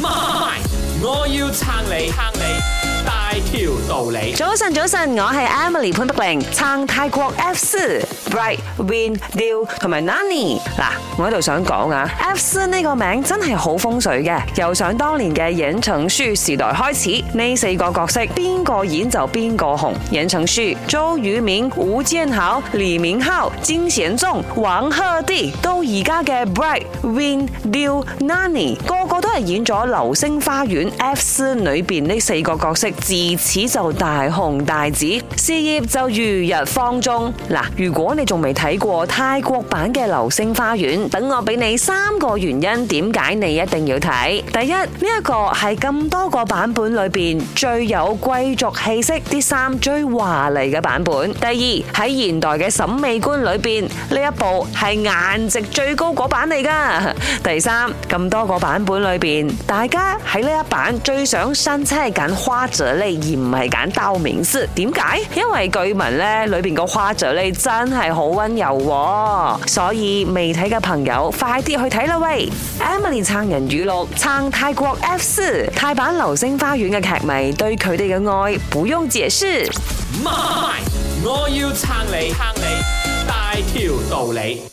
My, 我要撐你，撐你大條道理。早晨，早晨，我係 Emily 潘德玲，撐泰國 F 四 Bright Win Dew 同埋 Nani。嗱，我喺度想講啊，F 四呢個名真係好風水嘅。由想當年嘅《演唱書》時代開始，呢四個角色邊個演就邊個紅。《演唱書》周渝民、吳建豪、李敏鎬、金賢重、王鶴棣，到而家嘅 Bright Win Dew 同埋 Nani。係演咗《流星花園》F4 裏邊呢四個角色，自此就大紅大紫，事業就如日方中。嗱，如果你仲未睇過泰國版嘅《流星花園》，等我俾你三個原因，點解你一定要睇？第一，呢一個係咁多個版本裏邊最有貴族氣息、啲衫最華麗嘅版本；第二，喺現代嘅審美觀裏邊，呢一部係顏值最高嗰版嚟噶；第三，咁多個版本裏面。邊大家喺呢一版最想新車揀花澤類，而唔係揀道明寺？點解？因為據聞咧裏邊個花澤類真係好温柔，所以未睇嘅朋友快啲去睇啦喂！Emily 撐人語錄，撐泰國 F4，泰版流星花園嘅劇迷對佢哋嘅愛不用解釋。My. 我要撐你，撐你大條道理。